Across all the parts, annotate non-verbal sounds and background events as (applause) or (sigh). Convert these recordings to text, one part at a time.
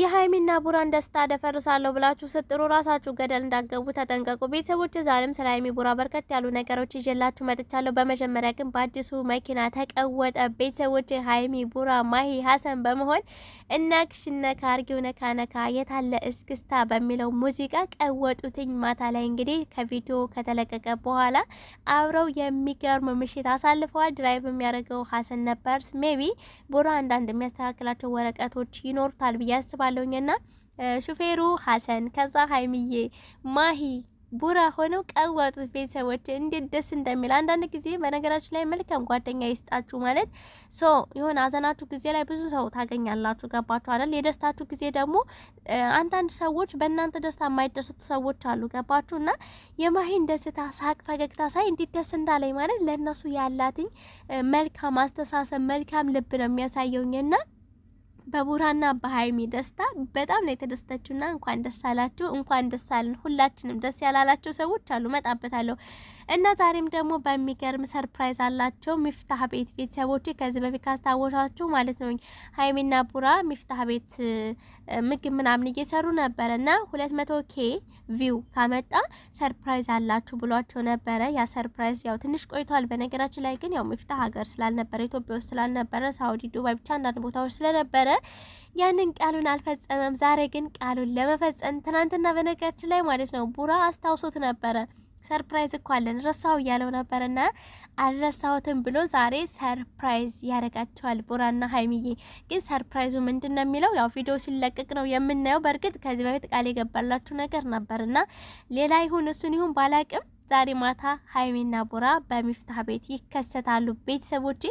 የሀይሚና ቡራን ደስታ ደፈርሳለሁ ብላችሁ ስጥሩ ራሳችሁ ገደል እንዳገቡ ተጠንቀቁ። ቤተሰቦች ዛሬም ስለ ሀይሚ ቡራ በርከት ያሉ ነገሮች ይዤላችሁ መጥቻለሁ። በመጀመሪያ ግን በአዲሱ መኪና ተቀወጠ። ቤተሰቦች ሀይሚ ቡራ፣ ማሂ ሀሰን በመሆን እናክሽ ነካ አርጊው ነካ ነካ የታለ እስክስታ በሚለው ሙዚቃ ቀወጡትኝ። ማታ ላይ እንግዲህ ከቪዲዮ ከተለቀቀ በኋላ አብረው የሚገርም ምሽት አሳልፈዋል። ድራይቭ የሚያደርገው ሀሰን ነበር። ሜቢ ቡራ አንዳንድ የሚያስተካክላቸው ወረቀቶች ይኖሩታል ብዬ አስባለሁ። አስባለሁኝና ሹፌሩ ሀሰን ከዛ ሀይሚዬ ማሂ ቡራ ሆነው ቀዋጡት። ቤተሰቦች እንዴት ደስ እንደሚል አንዳንድ ጊዜ በነገራችን ላይ መልካም ጓደኛ ይስጣችሁ ማለት ሶ የሆነ አዘናችሁ ጊዜ ላይ ብዙ ሰው ታገኛላችሁ። ገባችሁ አይደል? የደስታችሁ ጊዜ ደግሞ አንዳንድ ሰዎች በእናንተ ደስታ የማይደሰቱ ሰዎች አሉ። ገባችሁ እና የማሂን ደስታ፣ ሳቅ፣ ፈገግታ ሳይ እንዴት ደስ እንዳለኝ ማለት ለእነሱ ያላትኝ መልካም አስተሳሰብ መልካም ልብ ነው የሚያሳየውኝ ና በቡራና በሀይሚ ደስታ በጣም ነው የተደስተችውና እንኳን ደስ አላችሁ፣ እንኳን ደስ አለን። ሁላችንም ደስ ያላላቸው ሰዎች አሉ፣ መጣበታለሁ እና ዛሬም ደግሞ በሚገርም ሰርፕራይዝ አላቸው ሚፍታህ ቤት ቤተሰቦች። ከዚህ በፊት ካስታወሳችሁ ማለት ነው ሀይሚና ቡራ ሚፍታህ ቤት ምግብ ምናምን እየሰሩ ነበረ እና ሁለት መቶ ኬ ቪው ካመጣ ሰርፕራይዝ አላችሁ ብሏቸው ነበረ። ያ ሰርፕራይዝ ያው ትንሽ ቆይቷል። በነገራችን ላይ ግን ያው ሚፍታህ ሀገር ስላልነበረ ኢትዮጵያ ውስጥ ስላልነበረ ሳውዲ፣ ዱባይ ብቻ አንዳንድ ቦታዎች ስለነበረ ያንን ቃሉን አልፈጸመም። ዛሬ ግን ቃሉን ለመፈጸም ትናንትና፣ በነገራችን ላይ ማለት ነው ቡራ አስታውሶት ነበረ። ሰርፕራይዝ እኮ አለን ረሳው እያለው ነበርና አልረሳሁትም ብሎ ዛሬ ሰርፕራይዝ ያደርጋቸዋል ቡራና ሀይሚዬ። ግን ሰርፕራይዙ ምንድን ነው የሚለው ያው ቪዲዮ ሲለቀቅ ነው የምናየው። በእርግጥ ከዚህ በፊት ቃል የገባላችሁ ነገር ነበር እና ሌላ ይሁን እሱን ይሁን ባላቅም ዛሬ ማታ ሀይሚና ቡራ በሚፍታህ ቤት ይከሰታሉ። ቤተሰቦች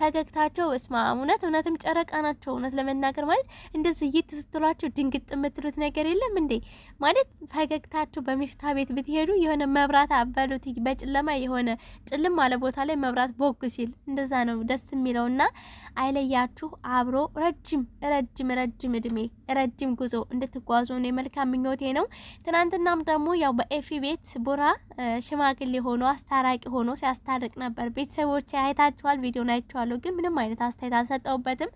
ፈገግታቸው እስማ እውነት እውነትም ጨረቃ ናቸው። እውነት ለመናገር ማለት እንደዚህ እየተስትሏቸው ድንግጥ የምትሉት ነገር የለም እንዴ ማለት ፈገግታቸው። በሚፍታህ ቤት ብትሄዱ የሆነ መብራት አበሉት፣ በጨለማ የሆነ ጭልም አለ ቦታ ላይ መብራት ቦግ ሲል እንደዛ ነው ደስ የሚለው እና አይለያችሁ አብሮ ረጅም ረጅም ረጅም እድሜ ረጅም ጉዞ እንድትጓዙ ነው የመልካም ምኞቴ ነው። ትናንትናም ደግሞ ያው በኤፊ ቤት ቡራ ሽማግሌ ሆኖ አስታራቂ ሆኖ ሲያስታርቅ ነበር። ቤተሰቦች አይታችኋል፣ ቪዲዮ አይቼዋለሁ፣ ግን ምንም አይነት አስተያየት አልሰጠውበትም።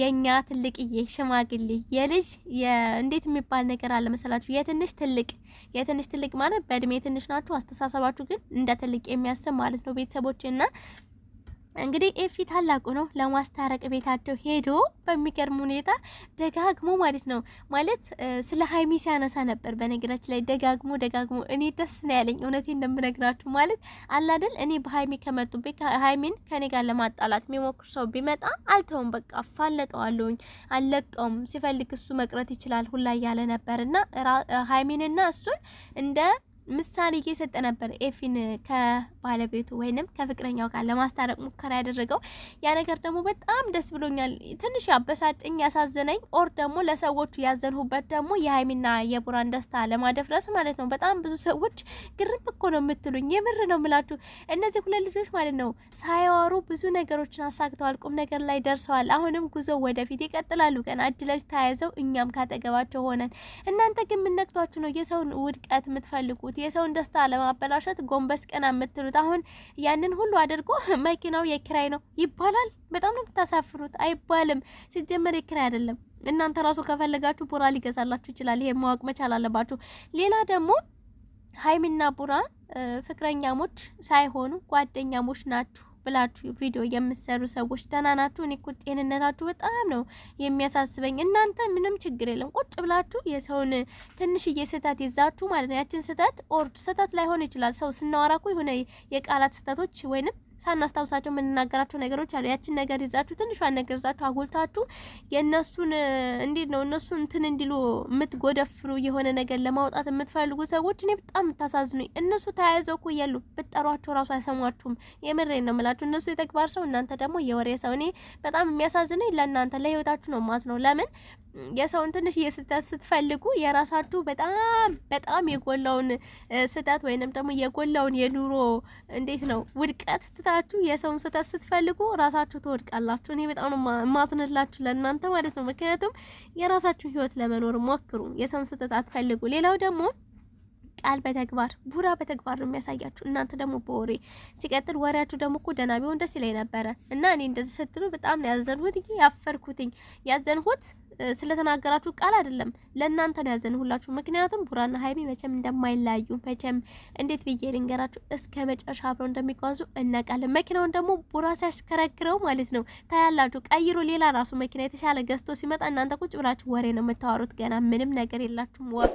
የእኛ ትልቅዬ ሽማግሌ የልጅ እንዴት የሚባል ነገር አለ መሰላችሁ? የትንሽ ትልቅ የትንሽ ትልቅ ማለት በእድሜ ትንሽ ናችሁ፣ አስተሳሰባችሁ ግን እንደ ትልቅ የሚያስብ ማለት ነው ቤተሰቦችና እንግዲህ ኤፊ ታላቁ ነው ለማስታረቅ ቤታቸው ሄዶ በሚገርም ሁኔታ ደጋግሞ ማለት ነው ማለት ስለ ሀይሚ ሲያነሳ ነበር። በነገራችን ላይ ደጋግሞ ደጋግሞ እኔ ደስ ነው ያለኝ እውነቴ እንደምነግራችሁ ማለት አላደል እኔ በሀይሚ ከመጡብኝ ሀይሚን ከኔ ጋር ለማጣላት የሚሞክር ሰው ቢመጣ አልተውም፣ በቃ አፋለጠዋለሁኝ፣ አልለቀውም። ሲፈልግ እሱ መቅረት ይችላል ሁላ እያለ ነበር እና ሀይሚንና እሱን እንደ ምሳሌ እየሰጠ ነበር ኤፊን ከባለቤቱ ወይንም ከፍቅረኛው ጋር ለማስታረቅ ሙከራ ያደረገው። ያ ነገር ደግሞ በጣም ደስ ብሎኛል። ትንሽ ያበሳጨኝ ያሳዘነኝ፣ ኦር ደግሞ ለሰዎቹ ያዘንሁበት ደግሞ የሀይሚና የቡራን ደስታ ለማደፍረስ ማለት ነው። በጣም ብዙ ሰዎች ግርም እኮ ነው የምትሉኝ። የምር ነው ምላችሁ። እነዚህ ሁለት ልጆች ማለት ነው ሳያወሩ ብዙ ነገሮችን አሳግተዋል። ቁም ነገር ላይ ደርሰዋል። አሁንም ጉዞ ወደፊት ይቀጥላሉ። ቀን እጅ ለእጅ ተያይዘው እኛም ካጠገባቸው ሆነን እናንተ ግን የምነግቷችሁ ነው የሰውን ውድቀት የምትፈልጉ የምታደርጉት? የሰውን ደስታ ለማበላሸት ጎንበስ ቀና የምትሉት አሁን ያንን ሁሉ አድርጎ (laughs) መኪናው የክራይ ነው ይባላል። በጣም ነው የምታሳፍሩት። አይባልም። ሲጀመር የክራይ አይደለም። እናንተ ራሱ ከፈለጋችሁ ቡራ ሊገዛላችሁ ይችላል። ይሄ ማወቅ መቻል አለባችሁ። ሌላ ደግሞ ሀይሚና ቡራ ፍቅረኛሞች ሳይሆኑ ጓደኛሞች ናችሁ። ብላችሁ ቪዲዮ የምትሰሩ ሰዎች ደህና ናችሁ? እኔ እኮ ጤንነታችሁ በጣም ነው የሚያሳስበኝ። እናንተ ምንም ችግር የለም፣ ቁጭ ብላችሁ የሰውን ትንሽዬ ስህተት ይዛችሁ ማለት ነው። ያችን ስህተት ኦርዱ ስህተት ላይሆን ይችላል። ሰው ስናወራ እኮ የሆነ የቃላት ስህተቶች ወይንም ሳናስታውሳቸው የምንናገራቸው ነገሮች አሉ። ያችን ነገር ይዛችሁ ትንሿን ነገር ይዛችሁ አጉልታችሁ የእነሱን እንዴት ነው እነሱ እንትን እንዲሉ የምትጎደፍሩ የሆነ ነገር ለማውጣት የምትፈልጉ ሰዎች እኔ በጣም የምታሳዝኑ። እነሱ ተያይዘው እኮ እያሉ ብጠሯቸው ራሱ አይሰሟችሁም። የምሬን ነው የምላችሁ። እነሱ የተግባር ሰው፣ እናንተ ደግሞ የወሬ ሰው። እኔ በጣም የሚያሳዝነኝ ለእናንተ ለህይወታችሁ ነው ማዝ ነው ለምን የሰውን ትንሽ የስህተት ስትፈልጉ የራሳችሁ በጣም በጣም የጎላውን ስህተት ወይንም ደግሞ የጎላውን የኑሮ እንዴት ነው ውድቀት ትታ ገብታችሁ የሰውን ስህተት ስትፈልጉ ራሳችሁ ትወድቃላችሁ። እኔ በጣም ማዝንላችሁ ለእናንተ ማለት ነው። ምክንያቱም የራሳችሁ ህይወት ለመኖር ሞክሩ፣ የሰውን ስህተት አትፈልጉ። ሌላው ደግሞ ቃል በተግባር ቡራ በተግባር ነው የሚያሳያችሁ፣ እናንተ ደግሞ በወሬ ሲቀጥል፣ ወሬያችሁ ደግሞ እኮ ደህና ቢሆን ደስ ይለኝ ነበረ እና እኔ እንደዚህ ስትሉ በጣም ነው ያዘንሁት፣ ያፈርኩትኝ ያዘንሁት ስለተናገራችሁ ቃል አይደለም ለእናንተ ነው ያዘን ሁላችሁ። ምክንያቱም ቡራና ሀይሚ መቼም እንደማይለያዩ መቼም እንዴት ብዬ ልንገራችሁ፣ እስከ መጨረሻ አብረው እንደሚጓዙ እናውቃለን። መኪናውን ደግሞ ቡራ ሲያሽከረክረው ማለት ነው ታያላችሁ። ቀይሮ ሌላ ራሱ መኪና የተሻለ ገዝቶ ሲመጣ እናንተ ቁጭ ብላችሁ ወሬ ነው የምታወሩት። ገና ምንም ነገር የላችሁም። ወር።